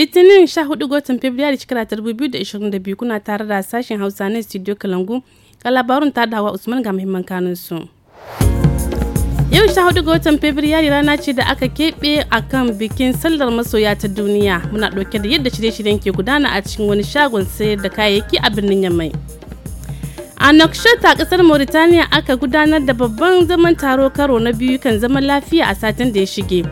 litinin 14 watan fabrairu shekara ta 2022 kuna tare da sashen hausa na studio kalangu ga labarun ta dawa usman ga muhimman kanun su yau 14 ga watan fabrairu rana ce da aka keɓe a kan bikin sallar masoya ta duniya muna ɗauke da yadda shirye-shiryen ke gudana a cikin wani shagon sayar da kayayyaki a birnin yamai a Nouakchott a kasar Mauritania aka gudanar da babban zaman taro karo na biyu kan zaman lafiya a satin da ya shige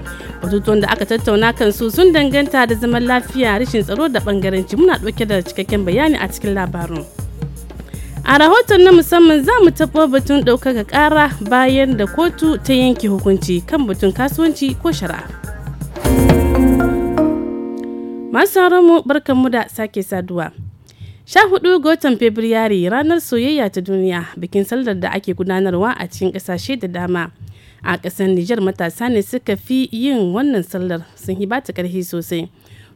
batutuwan da aka tattauna kan su sun danganta da zaman lafiya rashin tsaro da bangaranci muna ɗauke da cikakken bayani a cikin labarin a rahoton na musamman za mu taɓo batun ɗaukaka ƙara bayan da kotu ta yanke hukunci kan batun kasuwanci ko shari'a masu mu barkanmu da sake saduwa sha hudu ga watan ranar soyayya ta duniya bikin sallar da ake gudanarwa a cikin ƙasashe da dama a ƙasar Nijar matasa ne suka fi yin wannan sallar sun hiba ta karhi sosai.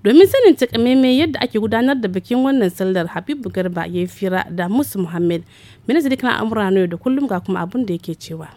Domin sanin takamaimai yadda ake gudanar da bikin wannan sallar Habibu Garba ya fira da Musu Muhammad, ministan amura na da kullum ga kuma abin da yake cewa.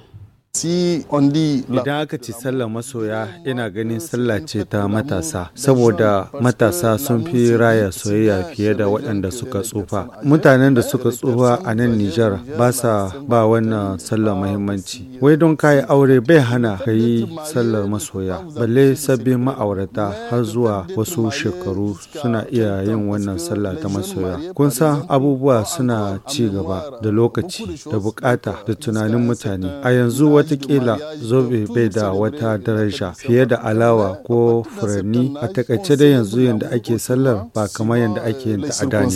Idan aka ci sallar masoya ina ganin sallah ce ta matasa saboda matasa sun fi raya soyayya fiye da waɗanda suka tsufa. Mutanen da suka tsufa a nan Nijar ba sa ba wannan sallar mahimmanci. Wai don kayi aure bai hana ka yi sallar masoya. Balle sabbin ma'aurata har zuwa wasu shekaru suna iya yin wannan sallah ta masoya. Kun san abubuwa suna ci gaba da lokaci da bukata da tunanin mutane. A yanzu wata watakila zobe bai da wata daraja fiye da alawa ko furanni a takaice da yanzu yadda ake sallar ba kamar yadda ake yin da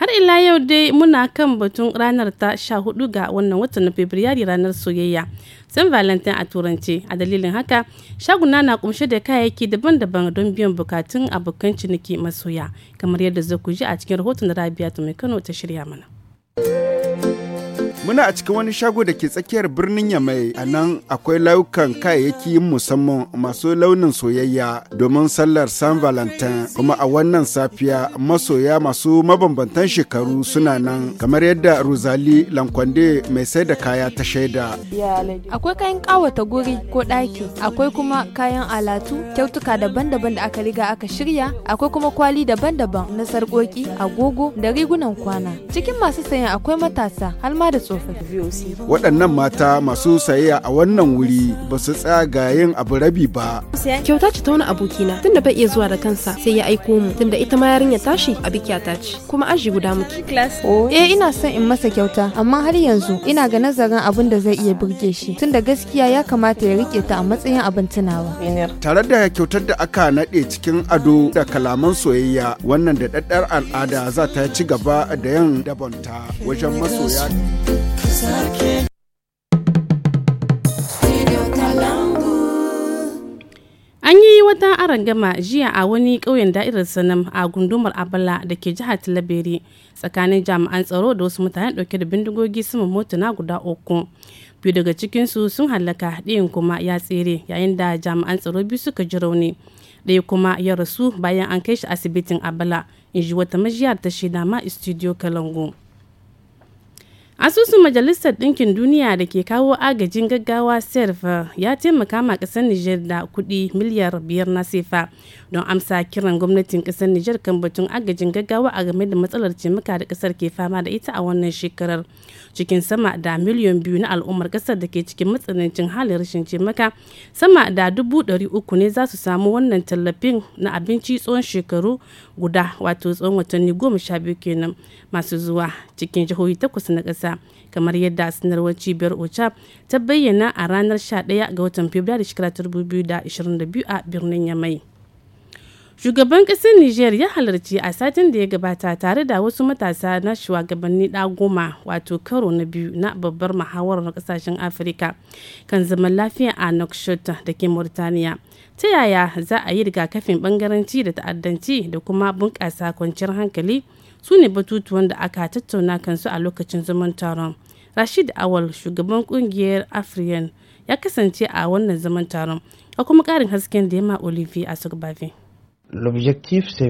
har ila yau dai muna kan batun ranar ta sha hudu ga wannan watan na fabrairu ranar soyayya san valentine a turance a dalilin haka shaguna na kumshe da kayayyaki daban-daban don biyan bukatun abokan ciniki masoya kamar yadda zaku ji a cikin rahoton da rabia mai kano ta shirya mana you Muna a cikin wani shago da ke tsakiyar birnin Yamai a nan akwai laukan kayayyaki musamman masu launin soyayya domin sallar San Valentin kuma a wannan safiya masoya masu mabambantan shekaru suna nan kamar yadda Rosali Lankwande mai sai da kaya ta shaida. Akwai kayan ƙawata guri ko ɗaki, akwai kuma kayan alatu, kyautuka daban-daban da aka riga aka shirya, akwai kuma kwali daban-daban na sarƙoƙi, agogo da rigunan kwana. Cikin masu sayan akwai matasa har ma da Waɗannan mata masu sayayya a wannan wuri ba su tsaga yin abu rabi ba. Kyauta ce ta wani abokina tunda bai iya zuwa da kansa sai ya aiko mu tunda ita ma yarinya tashi a bikiya ta ce kuma aji guda muke. Eh ina son in masa kyauta amma har yanzu ina ga nazarin abin da zai iya burge shi tunda gaskiya ya kamata ya rike ta a matsayin abin tunawa. Tare da kyautar da aka naɗe cikin ado da kalaman soyayya wannan da daddar al'ada za ta ci gaba da 'yan dabonta wajen masoya. An yi wata arangama jiya a wani ƙauyen da'irar Sanam a gundumar Abala da ke jihar Talabere tsakanin jami'an tsaro da wasu mutane ɗauke da bindigogi sama motuna guda uku. Biyu daga cikinsu sun hallaka ɗayan kuma ya tsere yayin da jami'an tsaro biyu suka ji rauni. Ɗaya kuma ya rasu bayan an kai shi asibitin Abala, in ji wata majiyar ta shida ma Studio Kalangu. asusun majalisar ɗinkin duniya da ke kawo agajin gaggawa serf ya taimaka ma ƙasar niger da kuɗi miliyar biyar na sefa don amsa kiran gwamnatin ƙasar niger kan batun agajin gaggawa a game da matsalar cimaka da kasar ke fama da ita a wannan shekarar cikin sama da miliyan biyu na al'ummar kasar da ke cikin matsanancin halin rashin cimaka sama da dubu ɗari uku ne za su samu wannan tallafin na abinci tsawon shekaru guda wato tsawon watanni goma sha biyu kenan masu zuwa cikin jihohi takwas na ƙasar ƙasa kamar yadda sanarwar cibiyar ocha ta bayyana a ranar 11 ga watan fabrairu 2022 a birnin yamai shugaban ƙasar niger ya halarci a satin da ya gabata tare da wasu matasa na shugabanni da goma wato karo na biyu na babbar na ƙasashen afirka kan zaman lafiya a nokshot da ke mauritaniya ta yaya za a yi rigakafin bangaranci da ta'addanci da kuma bunƙasa kwanciyar hankali su ne batutuwan da aka tattauna kansu a lokacin zaman taron rashid awal shugaban kungiyar afriyan ya kasance a wannan zaman taron a kuma karin hasken da ya ma olivier a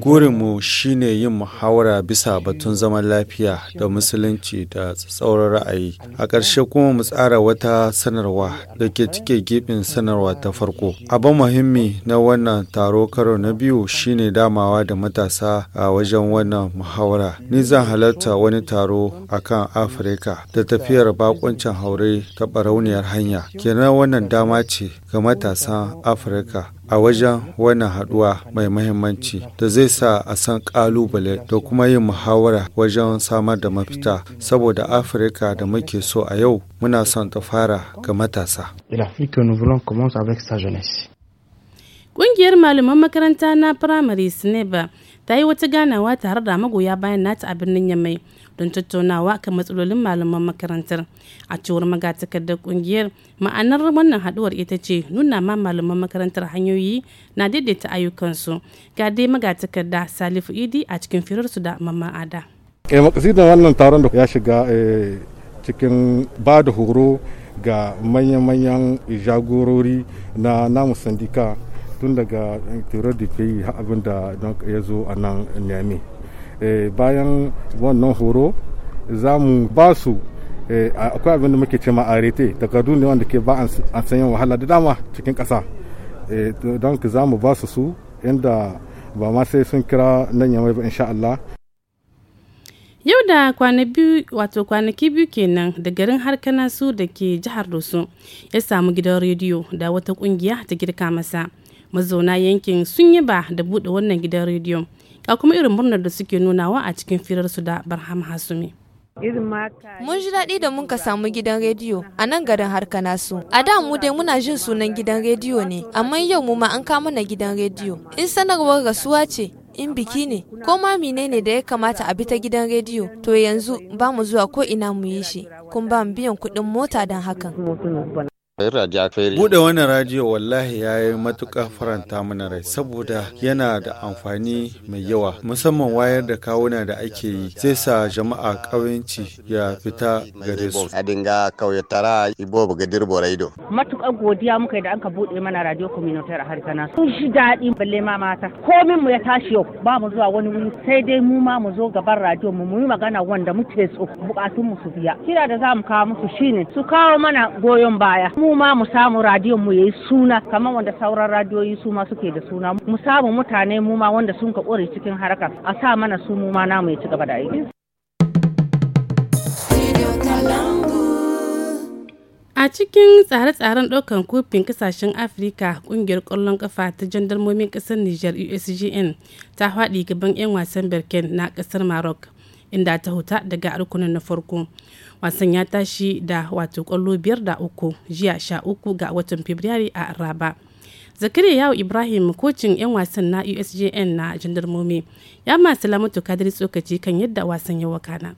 Gurinmu shi ne yin muhawara bisa batun zaman lafiya da musulunci da tsauran ra'ayi. A ƙarshe kuma mu tsara wata sanarwa da ke cike gibin sanarwa ta farko. Abin muhimmi na wannan taro karo na biyu shi ne damawa da matasa a wajen wannan muhawara. Ni zan halarta wani taro a kan Afirka da tafiyar baƙuncin haure ta barauniyar hanya. Kenan wannan dama ce ga matasan Afirka a wajen wannan haɗuwa mai mahimmanci da zai sa a san ƙalubale da kuma yin muhawara wajen samar da mafita saboda afirka da muke so a yau muna son ta fara ga matasa kungiyar malaman makaranta na firamare Sineba ta yi wata ganawa tare da magoya bayan nata a birnin yamai don tattaunawa kan matsalolin malaman makarantar a cewar magatakardar kungiyar ma'anar wannan haduwar ita ce nuna ma malaman makarantar hanyoyi na daidaita ayyukansu ga dai magatakarda salifu idi a cikin firarsu da mamman ada eh, makasidan wannan taron da ya shiga eh, cikin ba da horo ga manya-manyan jagorori na namu sandika tun daga turai da ke yi abin da ya zo a nan niamey eh, bayan wannan horo za mu ba su eh, akwai abin da muke ce ma arete takardu ne wanda ke ba an sanya wahala da dama cikin ƙasa eh, don ka za mu ba su su inda ba ma sai sun kira nan yamma ba insha Allah yau da wato kwanaki biyu kenan da garin harkana su da ke jihar doso ya samu gidan rediyo da wata kungiya ta girka masa mazauna yankin sun yi ba da buɗe wannan gidan rediyo ga kuma irin murnar da suke nunawa a cikin firarsu da barham hasumi Mun ji daɗi da mun ka samu gidan rediyo a nan garin harka nasu. A da mu dai muna jin sunan gidan rediyo ne, amma yau mu ma an kama na gidan rediyo. In sanarwar rasuwa ce, in biki ne, ko ma menene da ya kamata a bi ta gidan rediyo, to yanzu ba mu zuwa ko ina mu yi shi, kun ba mu biyan kuɗin mota don hakan. Buɗe wannan radiyo wallahi ya yi matuƙar faranta mana rai saboda yana da amfani mai yawa musamman wayar da kawuna da ake yi zai sa jama'a ƙawanci ya fita gare su. Matuƙar godiya muka da anka buɗe mana radio communautaire a harkana sun ji daɗi balle ma mata komin mu ya tashi yau ba mu zuwa wani wuri sai dai mu ma mu zo gaban radio mu mu yi magana wanda muke so bukatun mu su biya kira da za mu kawo musu shine su kawo mana goyon baya mu ma mu samu radiyon mu yayi suna kamar wanda sauran radiyoyi su ma suke da suna mu samu mutane mu ma wanda sun ka kore cikin harkar a sa mana su mu ma namu ya ci gaba da aiki A cikin tsare-tsaren ɗaukar kofin kasashen Afirka ƙungiyar ƙwallon kafa ta jandarmomin ƙasar niger USGN ta faɗi gaban 'yan wasan Birken na ƙasar Maroc inda ta huta daga rukunin na farko wasan ya tashi da wato kwallo biyar da uku jiya sha uku ga watan fabrairu a raba zakari yawo ibrahim kocin 'yan wasan na usjn na jandarmomi ya masu salamatu kadiri tsokaci kan yadda wasan ya wakana.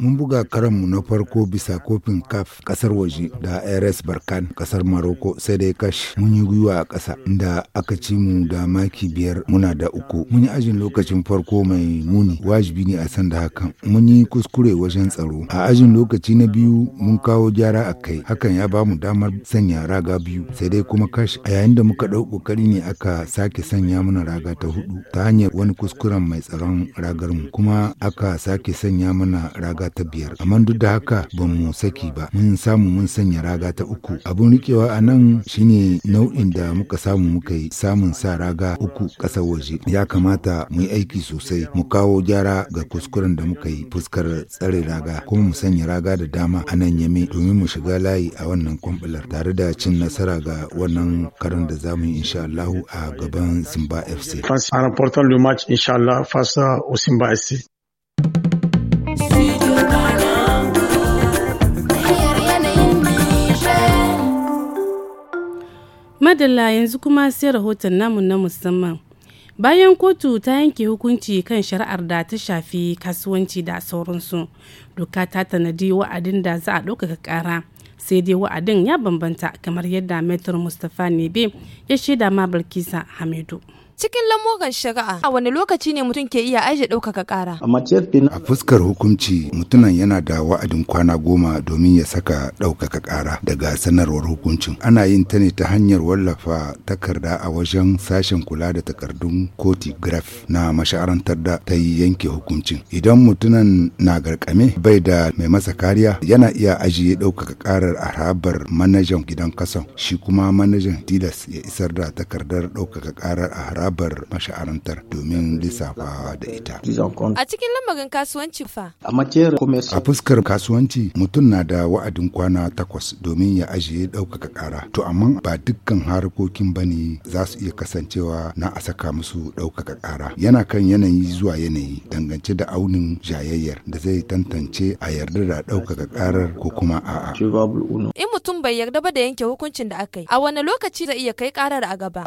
Mun buga karanmu na farko bisa kofin CAF kasar waje da RS Barkan kasar Maroko sai dai kash mun yi gwiwa a ƙasa inda aka ci mu da maki biyar muna da uku. Mun yi ajin lokacin farko mai muni wajibi ne a san da hakan. Mun yi kuskure wajen tsaro. A ajin lokaci na biyu mun kawo gyara a kai hakan ya ba mu damar sanya raga biyu sai dai kuma kash a yayin da muka ɗau ƙoƙari ne aka sake sanya mana raga ta hudu ta hanyar wani kuskuren mai tsaron ragar mu kuma aka sake sanya mana raga ta biyar amma duk da haka ba mu saki ba mun samu mun sanya raga ta uku abun rikewa a nan shine nau'in da muka samu muka yi samun sa raga uku ƙasa waje ya kamata mu yi aiki sosai mu kawo gyara ga kuskuren da muka yi fuskar tsare raga kuma mu sanya raga da dama a nan yame domin mu shiga layi a wannan kwambular tare da cin nasara ga wannan karin da zamu yi insha Allah a gaban Simba FC. a remportant le match, Inch'Allah, fasa o Simba FC. madalla yanzu kuma sai rahoton namu na musamman bayan kotu ta yanke hukunci kan shari'ar da ta shafi kasuwanci da sauransu doka ta tanadi wa'adin da za a ɗaukaka ƙara sai dai wa'adin ya bambanta kamar yadda metro mustapha nebe ya shaida ma bilkisa hamidu Cikin lamogan shari'a a wani lokaci ne mutum ke iya aje ɗaukaka ƙara. A fuskar hukunci mutumin yana da wa'adin kwana goma domin ya saka ɗaukaka ƙara daga sanarwar hukuncin. Ana yin ta ne ta hanyar wallafa takarda a wajen sashen kula da takardun koti graf na masha'arantar da ta yi yanke hukuncin. Idan mutumin na garkame bai da mai masa kariya yana iya ajiye ɗaukaka ƙarar a harabar manajan gidan kasan shi kuma manajan tilas ya isar da takardar ɗaukaka ƙarar a harabar harabar masha'arantar domin lissafa da ita. A cikin lamarin kasuwanci fa? A fuskar kasuwanci mutum na da wa'adin kwana takwas domin ya ajiye ɗaukaka ƙara. To amma ba dukkan harkokin ba ne za su iya kasancewa na a saka musu ɗaukaka ƙara. Yana kan yanayi zuwa yanayi dangance da aunin jayayyar da zai tantance a yarda da ɗaukaka ƙarar ko kuma a'a. In mutum bai yarda ba da yanke hukuncin da aka yi, a wane lokaci zai iya kai ƙarar a gaba?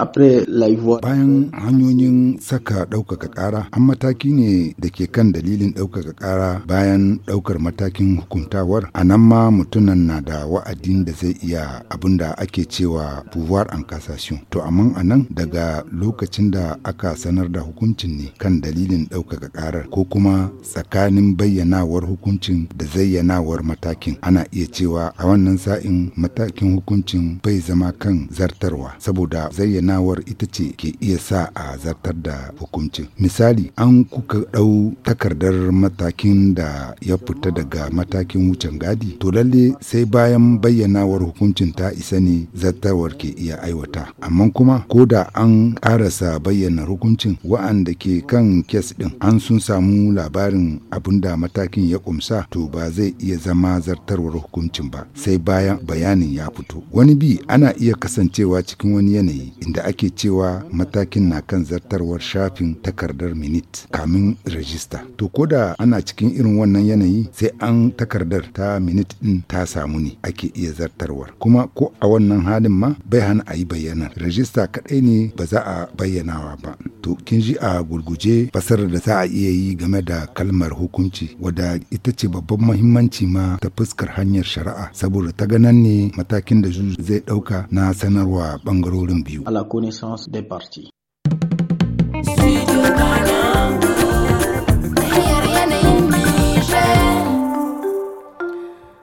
Bayan hanyoyin saka ɗaukaka ƙara an mataki ne da ke kan dalilin ɗaukaka ƙara bayan ɗaukar matakin hukuntawar a nan ma mutunan na da wa'adin da zai iya abin da ake cewa buwar en kasashen to amma a nan daga lokacin da aka sanar da hukuncin ne kan dalilin ɗaukaka ƙarar ko kuma tsakanin bayyanawar hukuncin da zayyanawar matakin ana iya cewa a wannan sa'in matakin hukuncin bai zama kan zartarwa saboda zayyanawar ita ce ke iya sa a zartar da hukuncin misali an kuka ɗau takardar matakin da ya fita daga matakin wucin gadi to lalle sai bayan bayyanawar hukuncin ta isa ne zartarwar ke iya aiwata amma kuma ko da an ƙarasa bayyana hukuncin wa'anda ke kan kes ɗin an sun samu labarin abin da matakin ya kumsa to ba zai iya zama zartarwar hukuncin ba sai bayan bayanin ya fito wani bi ana iya kasancewa cikin wani yanayi inda ake cewa matakin na kan zartarwar shafin takardar minit kamin rajista to ko da ana cikin irin wannan yanayi sai an takardar ta minit din ta samu ne ake iya zartarwar kuma ko a wannan halin ma bai hana a yi bayyanar rajista kadai ne ba za a bayyanawa ba to kin ji a gurguje fasar da za a iya yi game da kalmar hukunci wadda ita ce babban muhimmanci ma ta fuskar hanyar shari'a saboda ta ganan ne matakin da zai ɗauka na sanarwa bangarorin biyu. A sans connaissance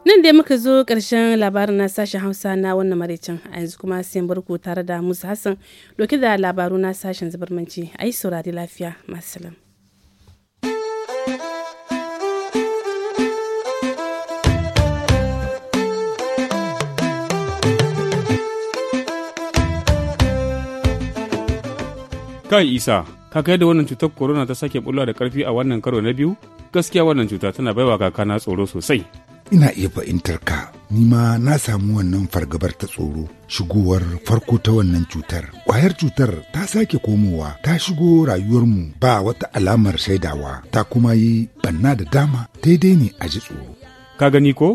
nan dai muka zo ƙarshen labarin na sashen hausa na wannan maraicin a yanzu kuma sai barku tare da musa hassan doki da labaru na sashen zubarmanci a yi saurari lafiya masu salam kan isa kaka yadda wannan cutar corona ta sake bulwa da karfi a wannan karo na biyu gaskiya wannan cuta tana baiwa na tsoro sosai ina iya fahimtar ka ni ma na samu wannan fargabar ta tsoro shigowar farko ta wannan cutar Kwayar cutar ta sake komowa ta shigo rayuwarmu ba wata alamar shaidawa ta kuma yi banna da dama daidai ne a ji tsoro ka gani ko